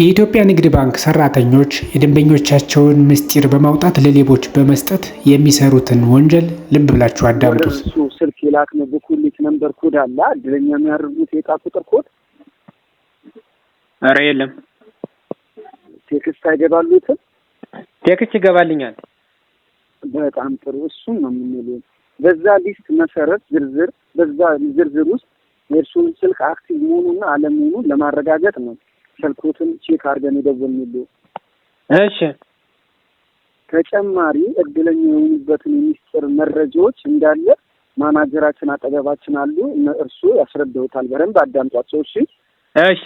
የኢትዮጵያ ንግድ ባንክ ሰራተኞች የደንበኞቻቸውን ምስጢር በማውጣት ለሌቦች በመስጠት የሚሰሩትን ወንጀል ልብ ብላችሁ አዳምጡት። ስልክ ነው ብኩሊት ነንበር ኮድ አለ እድለኛ የሚያደርጉት የዕጣ ቁጥር ኮድ። ኧረ የለም። ቴክስት አይገባሉትም? ቴክስት ይገባልኛል። በጣም ጥሩ። እሱም ነው የምንለው። በዛ ሊስት መሰረት ዝርዝር በዛ ዝርዝር ውስጥ የእርሱን ስልክ አክቲቭ መሆኑና አለመሆኑን ለማረጋገጥ ነው። ስልኩትን ቼክ አድርገን የደወልን የሚሉ እሺ ተጨማሪ እድለኛ የሆኑበትን የሚስጥር መረጃዎች እንዳለ ማናጀራችን አጠገባችን አሉ። እርሱ ያስረዳውታል። በደንብ አዳምጧቸው። እሺ እሺ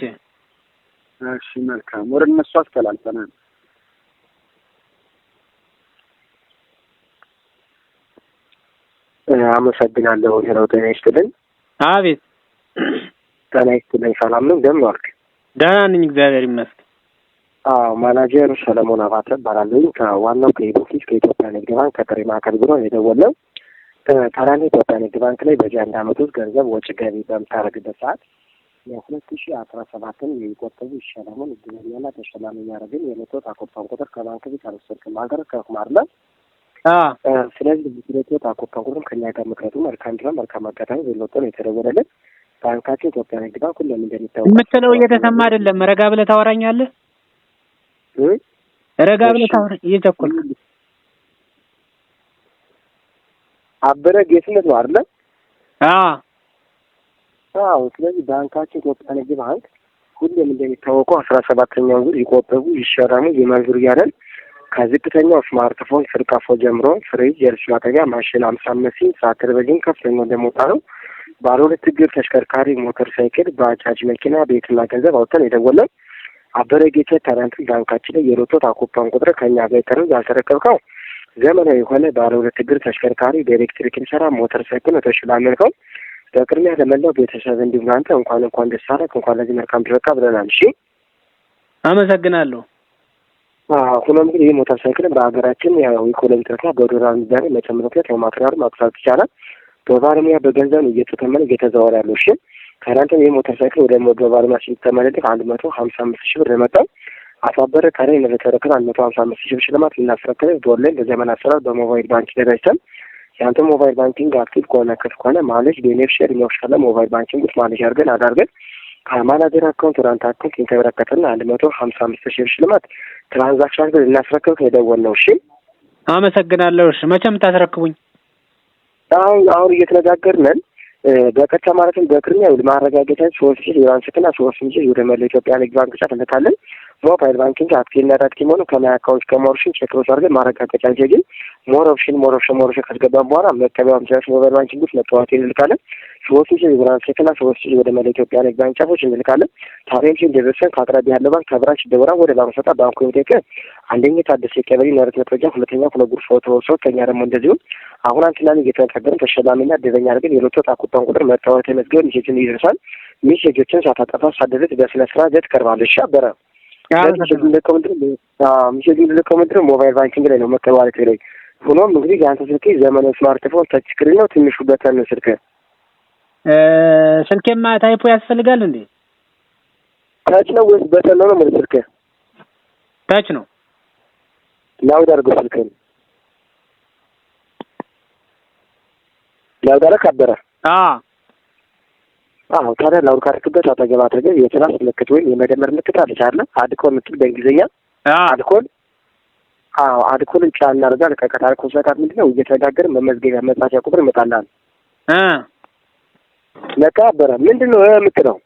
እሺ። መልካም ወደ እነሱ አስተላልፈናል። አመሰግናለሁ። ሄረው ጤና ይስጥልን። አቤት ጤና ይስጥልን። ሰላም ነው። እንደምን ዋልክ? ደህና ነኝ፣ እግዚአብሔር ይመስገን። አዎ ማናጀር ሰለሞን አባተ እባላለሁ። ከዋናው ከኢቦኪስ ከኢትዮጵያ ንግድ ባንክ ከጥሬ ማዕከል ቢሮ የደወለው ታላን ኢትዮጵያ ንግድ ባንክ ላይ በዚህ አንድ አመት ውስጥ ገንዘብ ወጭ ገቢ በምታደርግበት ሰዓት የሁለት ሺ አስራ ሰባትን የሚቆጠቡ ይሸለሙን እድለኛና ተሸላሚ እያደረግን የኔትወርክ አኮፓን ቁጥር ከባንክ ቤት አልወሰድክም ሀገር ከማርለ ስለዚህ ኔትወርክ አኮፓን ቁጥር ከኛ ጋር ምክረቱ መልካም ድረ መልካም አጋጣሚ ሌሎጦን የተደወለልን ባንካቸው ኢትዮጵያ ንግድ ባንክ ሁሉም እንደሚታወቅ የምትለው እየተሰማ አይደለም። ረጋ ብለህ ታወራኛለህ። ረጋ ብለህ ታወራ እየቸኮልክ አበረ ጌትነት ነው አይደለ? አዎ አዎ። ስለዚህ ባንካቸው ኢትዮጵያ ንግድ ባንክ ሁሉም እንደሚታወቀው አስራ ሰባተኛውን ዙር ይቆጠቡ ይሸረሙ ይመንዝሩ እያለን ከዝቅተኛው ስማርትፎን ስልክ ቀፎ ጀምሮ ፍሪጅ፣ የልብስ ማጠቢያ ማሽን፣ አምሳ አምስት ሳትር በጅን ከፍተኛው ደሞጣ ነው። ባለ ሁለት እግር ተሽከርካሪ፣ ሞተር ሳይክል፣ ባጃጅ፣ መኪና፣ ቤትና ገንዘብ አውጥተን የደወለን አበረ ጌተ ተረንት ባንካችን ላይ የሮቶት አኮፓን ቁጥር ከኛ ጋር የተረ ያልተረከብከው ዘመናዊ የሆነ ባለ ሁለት እግር ተሽከርካሪ በኤሌክትሪክ የሚሰራ ሞተር ሳይክል ነው ተሽላመልከው። በቅድሚያ ለመላው ቤተሰብ እንዲሁም ለአንተ እንኳን እንኳን ደስ አለህ እንኳን ለዚህ መልካም ድረቃ ብለናል። እሺ አመሰግናለሁ። ሁኖም ግን ይህ ሞተር ሳይክልን በሀገራችን ያው ኢኮኖሚ ጥረታ በዶላር ሚዛን መጨመር ምክንያት ማትሪያሉ ማቅሳት ይቻላል። በባለሙያ በገንዘብ እየተተመነ እየተዘዋወረ ያለው እሺ። ከናንተ ይህ ሞተር ሳይክል ወደ በባለሙያ ሲተመንልህ አንድ መቶ ሀምሳ አምስት ሺህ ብር ለመጣው አቶ አበረ ከላይ ለተረከበ አንድ መቶ ሀምሳ አምስት ሺህ ብር ሽልማት ልናስረክብህ በኦንላይን በዘመን አሰራር በሞባይል ባንክ ተደራጅተን የአንተ ሞባይል ባንኪንግ አክቲቭ ከሆነ ክፍ ከሆነ ማለጅ ቤኔፍሽር የሚያውሻለ ሞባይል ባንኪንግ ውስጥ ማለጅ አድርገን አዳርገን ከማናጀር አካውንት ወደ አንተ አካውንት የተበረከተና አንድ መቶ ሀምሳ አምስት ሺህ ብር ሽልማት ትራንዛክሽን ከደወል ነው። እሺ። አመሰግናለሁ። እሺ መቼም ታስረክቡኝ አሁን አሁን እየተነጋገርነን በቀጥታ ማለትም በክርሚያ ማረጋገጫ ሶስት ሺህ የባንክ ሶስት ሺህ ወደ መላ ኢትዮጵያ ንግድ ባንክ ጫ እንልካለን። ሞባይል ባንኪንግ አክቲቭ እና ዳክቲቭ ሆኖ አካውንት ከሞርሽን ቼክ ሮስ አድርገን ማረጋገጫ እንጂ ግን ሞር ኦፕሽን ሞር ኦፕሽን ሞር ኦፕሽን ካስገባን በኋላ መቀበያም ቻሽ ሞባይል ባንኪንግ ውስጥ መቀባት እንልካለን። ሶስት ሺህ ብር ሴትና ሶስት ሺህ ወደ መላ ኢትዮጵያ ንግድ ባንክ እንልካለን። ታሪክ ደረሰን ከአቅራቢ ያለው ባንክ ከብራንች ደወራ ወደ ላመሰጣ ባንኩ ሚቴክ አንደኛ ታደሰ ቀበሌ ነረት መጥረጃ፣ ሁለተኛ ሁለት ጉርፍ ፎቶ ሰዎች ከኛ ደግሞ እንደዚሁ አሁን አንትና ላይ ተሸላሚና እድለኛ አድርገን የሎቶ ዕጣ ቁጥር መታወቂያ ተመዝገብ ሚሴችን ይደርሳል። ሚሴጆችን ሳታጠፋ ሳደረግ በስነ ስርዓት ዘት ቀርባለሁ። አበረ ሚሴጅን ልቀው ምንድን ሞባይል ባንኪንግ ላይ ነው መከባለት ላይ ሆኖም እንግዲህ የአንተ ስልክ ዘመናዊ ስማርትፎን ተች ነው። ትንሹ በተን ስልክ ስልኬማ ታይፖ ያስፈልጋል እንዴ? ታች ነው ወይስ በተን ነው ምን ስልክ? ታች ነው። ላውድ አድርገው ስልክህን። ላውድ አደረክ አበረ? አዎ አዎ። ታዲያ ላውድ ካደረክበት አጠገብ አድርገህ የትራስ ምልክት ወይም የመደመር ምልክት አለች አይደል? አድኮን ምትል በእንግሊዝኛ አድኮን አዎ አድኮልን ጫና አድርጋ ለቀቀታ አድኮን ሰዓት ምንድነው? እየተነጋገርን መመዝገቢያ መጻፊያ ቁጥር ይመጣልሃል እ ለካ አበራ ምንድን ነው የምትለው?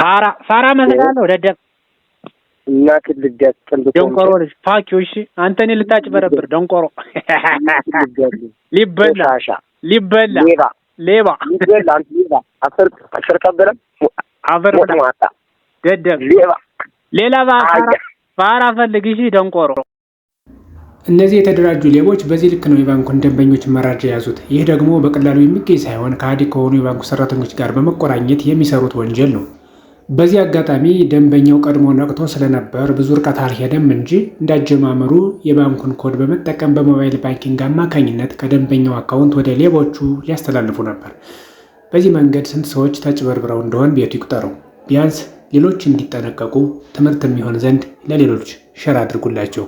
ፋራ ፋራ መስላለሁ። ደደብ እና ክልደት ጥንብ ደንቆሮ ልጅ ፋኪው። እሺ አንተ እኔን ልታጭበረብር ደንቆሮ ሊበላ ሊበላ ሌባ ሌባ ሊበላ አንተ ሌባ አፈር አፈር ካበረ አፈር ደደብ ሌባ ሌላ ፋራ ፋራ ፈልግ። እሺ ደንቆሮ እነዚህ የተደራጁ ሌቦች በዚህ ልክ ነው የባንኩን ደንበኞች መረጃ የያዙት። ይህ ደግሞ በቀላሉ የሚገኝ ሳይሆን ከሃዲ ከሆኑ የባንኩ ሰራተኞች ጋር በመቆራኘት የሚሰሩት ወንጀል ነው። በዚህ አጋጣሚ ደንበኛው ቀድሞ ነቅቶ ስለነበር ብዙ እርቀት አልሄደም እንጂ እንዳጀማመሩ የባንኩን ኮድ በመጠቀም በሞባይል ባንኪንግ አማካኝነት ከደንበኛው አካውንት ወደ ሌቦቹ ሊያስተላልፉ ነበር። በዚህ መንገድ ስንት ሰዎች ተጭበርብረው እንደሆን ቤቱ ይቁጠረው። ቢያንስ ሌሎች እንዲጠነቀቁ ትምህርት የሚሆን ዘንድ ለሌሎች ሸር አድርጉላቸው።